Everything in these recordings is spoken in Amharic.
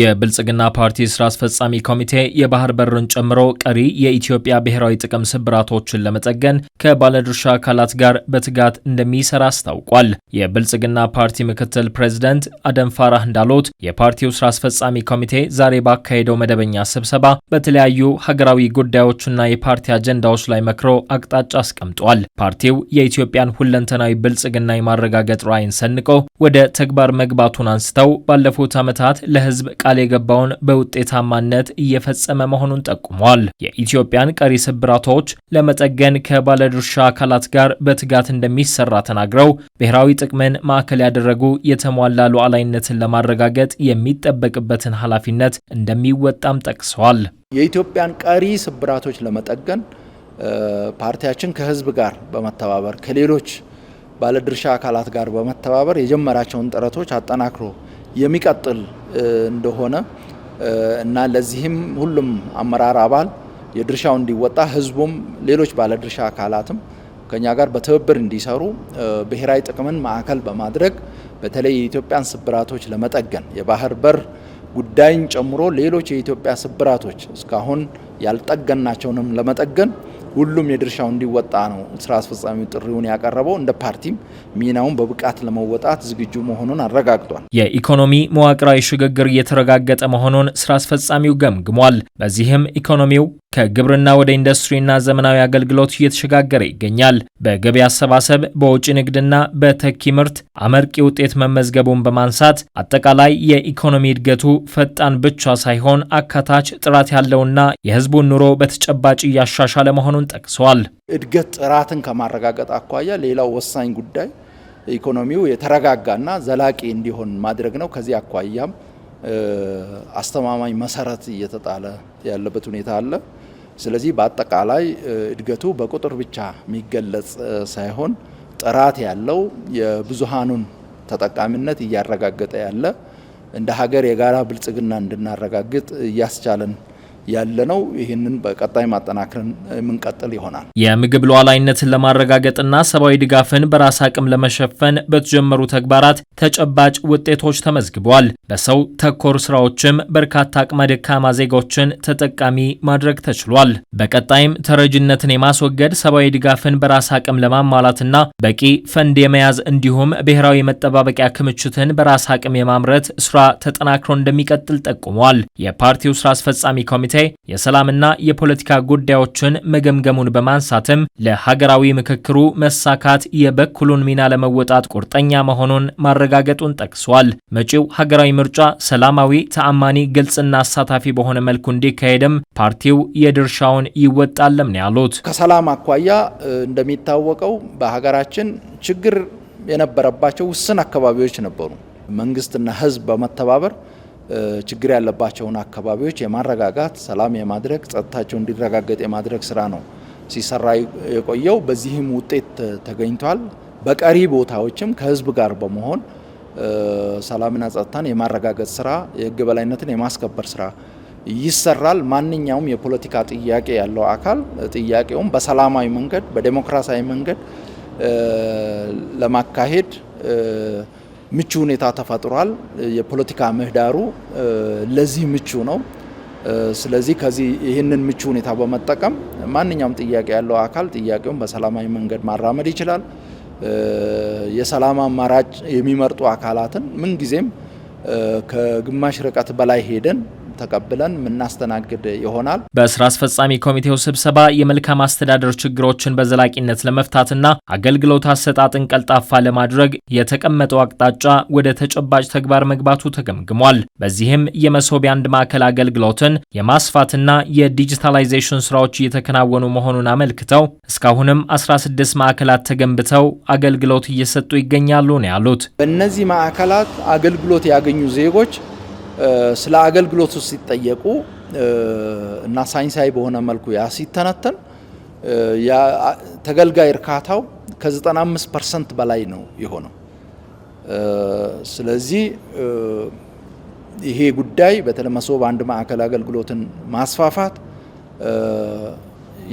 የብልጽግና ፓርቲ ስራ አስፈጻሚ ኮሚቴ የባህር በርን ጨምሮ ቀሪ የኢትዮጵያ ብሔራዊ ጥቅም ስብራቶችን ለመጠገን ከባለድርሻ አካላት ጋር በትጋት እንደሚሰራ አስታውቋል። የብልጽግና ፓርቲ ምክትል ፕሬዝደንት አደም ፋራህ እንዳሉት የፓርቲው ስራ አስፈጻሚ ኮሚቴ ዛሬ ባካሄደው መደበኛ ስብሰባ በተለያዩ ሀገራዊ ጉዳዮችና የፓርቲ አጀንዳዎች ላይ መክሮ አቅጣጫ አስቀምጧል። ፓርቲው የኢትዮጵያን ሁለንተናዊ ብልጽግና የማረጋገጥ ራዕይን ሰንቆ ወደ ተግባር መግባቱን አንስተው ባለፉት ዓመታት ለህዝብ ቃል የገባውን በውጤታማነት እየፈጸመ መሆኑን ጠቁሟል። የኢትዮጵያን ቀሪ ስብራቶች ለመጠገን ከባለድርሻ አካላት ጋር በትጋት እንደሚሰራ ተናግረው ብሔራዊ ጥቅምን ማዕከል ያደረጉ የተሟላ ሉዓላዊነትን ለማረጋገጥ የሚጠበቅበትን ኃላፊነት እንደሚወጣም ጠቅሰዋል። የኢትዮጵያን ቀሪ ስብራቶች ለመጠገን ፓርቲያችን ከህዝብ ጋር በመተባበር ከሌሎች ባለድርሻ አካላት ጋር በመተባበር የጀመራቸውን ጥረቶች አጠናክሮ የሚቀጥል እንደሆነ እና ለዚህም ሁሉም አመራር አባል የድርሻው እንዲወጣ ህዝቡም፣ ሌሎች ባለድርሻ አካላትም ከኛ ጋር በትብብር እንዲሰሩ ብሔራዊ ጥቅምን ማዕከል በማድረግ በተለይ የኢትዮጵያን ስብራቶች ለመጠገን የባህር በር ጉዳይን ጨምሮ ሌሎች የኢትዮጵያ ስብራቶች እስካሁን ያልጠገናቸውንም ለመጠገን ሁሉም የድርሻው እንዲወጣ ነው ስራ አስፈጻሚ ጥሪውን ያቀረበው። እንደ ፓርቲም ሚናውን በብቃት ለመወጣት ዝግጁ መሆኑን አረጋግጧል። የኢኮኖሚ መዋቅራዊ ሽግግር እየተረጋገጠ መሆኑን ስራ አስፈጻሚው ገምግሟል። በዚህም ኢኮኖሚው ከግብርና ወደ ኢንዱስትሪና ዘመናዊ አገልግሎት እየተሸጋገረ ይገኛል። በገቢ አሰባሰብ፣ በውጭ ንግድና በተኪ ምርት አመርቂ ውጤት መመዝገቡን በማንሳት አጠቃላይ የኢኮኖሚ እድገቱ ፈጣን ብቻ ሳይሆን አካታች፣ ጥራት ያለውና የህዝቡን ኑሮ በተጨባጭ እያሻሻለ መሆኑን ጠቅሰዋል። እድገት ጥራትን ከማረጋገጥ አኳያ ሌላው ወሳኝ ጉዳይ ኢኮኖሚው የተረጋጋና ዘላቂ እንዲሆን ማድረግ ነው። ከዚህ አኳያም አስተማማኝ መሰረት እየተጣለ ያለበት ሁኔታ አለ። ስለዚህ በአጠቃላይ እድገቱ በቁጥር ብቻ የሚገለጽ ሳይሆን ጥራት ያለው የብዙሃኑን ተጠቃሚነት እያረጋገጠ ያለ እንደ ሀገር የጋራ ብልጽግና እንድናረጋግጥ እያስቻለን ያለነው ይህንን በቀጣይ ማጠናከርን የምንቀጥል ይሆናል። የምግብ ሉዓላዊነትን ለማረጋገጥና ሰብአዊ ድጋፍን በራስ አቅም ለመሸፈን በተጀመሩ ተግባራት ተጨባጭ ውጤቶች ተመዝግበዋል። በሰው ተኮር ስራዎችም በርካታ አቅመ ደካማ ዜጎችን ተጠቃሚ ማድረግ ተችሏል። በቀጣይም ተረጅነትን የማስወገድ ሰብአዊ ድጋፍን በራስ አቅም ለማሟላትና በቂ ፈንድ የመያዝ እንዲሁም ብሔራዊ የመጠባበቂያ ክምችትን በራስ አቅም የማምረት ስራ ተጠናክሮ እንደሚቀጥል ጠቁመዋል። የፓርቲው ስራ አስፈጻሚ ኮሚቴ የሰላምና የፖለቲካ ጉዳዮችን መገምገሙን በማንሳትም ለሀገራዊ ምክክሩ መሳካት የበኩሉን ሚና ለመወጣት ቁርጠኛ መሆኑን ማረጋገጡን ጠቅሷል። መጪው ሀገራዊ ምርጫ ሰላማዊ፣ ተአማኒ፣ ግልጽና አሳታፊ በሆነ መልኩ እንዲካሄድም ፓርቲው የድርሻውን ይወጣለም ነው ያሉት። ከሰላም አኳያ እንደሚታወቀው በሀገራችን ችግር የነበረባቸው ውስን አካባቢዎች ነበሩ። መንግስትና ህዝብ በመተባበር ችግር ያለባቸውን አካባቢዎች የማረጋጋት ሰላም የማድረግ ጸጥታቸው እንዲረጋገጥ የማድረግ ስራ ነው ሲሰራ የቆየው። በዚህም ውጤት ተገኝቷል። በቀሪ ቦታዎችም ከህዝብ ጋር በመሆን ሰላምና ጸጥታን የማረጋገጥ ስራ፣ የህግ በላይነትን የማስከበር ስራ ይሰራል። ማንኛውም የፖለቲካ ጥያቄ ያለው አካል ጥያቄውም በሰላማዊ መንገድ በዴሞክራሲያዊ መንገድ ለማካሄድ ምቹ ሁኔታ ተፈጥሯል። የፖለቲካ ምህዳሩ ለዚህ ምቹ ነው። ስለዚህ ከዚህ ይህንን ምቹ ሁኔታ በመጠቀም ማንኛውም ጥያቄ ያለው አካል ጥያቄውን በሰላማዊ መንገድ ማራመድ ይችላል። የሰላም አማራጭ የሚመርጡ አካላትን ምንጊዜም ከግማሽ ርቀት በላይ ሄደን ተቀብለን የምናስተናግድ ይሆናል። በስራ አስፈጻሚ ኮሚቴው ስብሰባ የመልካም አስተዳደር ችግሮችን በዘላቂነት ለመፍታትና አገልግሎት አሰጣጥን ቀልጣፋ ለማድረግ የተቀመጠው አቅጣጫ ወደ ተጨባጭ ተግባር መግባቱ ተገምግሟል። በዚህም የመሶብ የአንድ ማዕከል አገልግሎትን የማስፋትና የዲጂታላይዜሽን ስራዎች እየተከናወኑ መሆኑን አመልክተው እስካሁንም 16 ማዕከላት ተገንብተው አገልግሎት እየሰጡ ይገኛሉ ነው ያሉት። በእነዚህ ማዕከላት አገልግሎት ያገኙ ዜጎች ስለ አገልግሎቱ ሲጠየቁ እና ሳይንሳዊ በሆነ መልኩ ያ ሲተነተን ተገልጋይ እርካታው ከ95 ፐርሰንት በላይ ነው የሆነው። ስለዚህ ይሄ ጉዳይ በተለይ መሶብ አንድ ማዕከል አገልግሎትን ማስፋፋት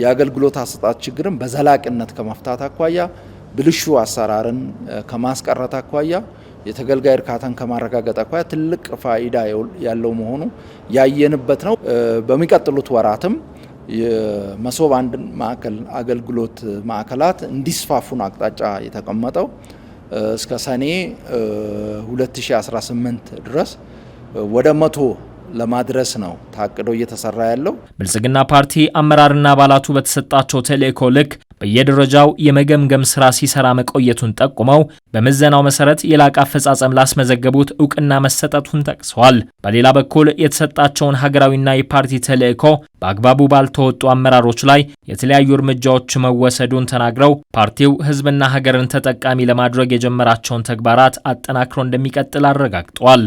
የአገልግሎት አሰጣጥ ችግርን በዘላቂነት ከመፍታት አኳያ ብልሹ አሰራርን ከማስቀረት አኳያ የተገልጋይ እርካታን ከማረጋገጥ አኳያ ትልቅ ፋይዳ ያለው መሆኑ ያየንበት ነው። በሚቀጥሉት ወራትም የመሶብ አንድ ማዕከል አገልግሎት ማዕከላት እንዲስፋፉን አቅጣጫ የተቀመጠው እስከ ሰኔ 2018 ድረስ ወደ መቶ ለማድረስ ነው ታቅዶ እየተሰራ ያለው። ብልጽግና ፓርቲ አመራርና አባላቱ በተሰጣቸው ተልእኮ ልክ በየደረጃው የመገምገም ስራ ሲሰራ መቆየቱን ጠቁመው በምዘናው መሰረት የላቀ አፈጻጸም ላስመዘገቡት እውቅና መሰጠቱን ጠቅሰዋል። በሌላ በኩል የተሰጣቸውን ሀገራዊና የፓርቲ ተልዕኮ በአግባቡ ባልተወጡ አመራሮች ላይ የተለያዩ እርምጃዎች መወሰዱን ተናግረው ፓርቲው ሕዝብና ሀገርን ተጠቃሚ ለማድረግ የጀመራቸውን ተግባራት አጠናክሮ እንደሚቀጥል አረጋግጧል።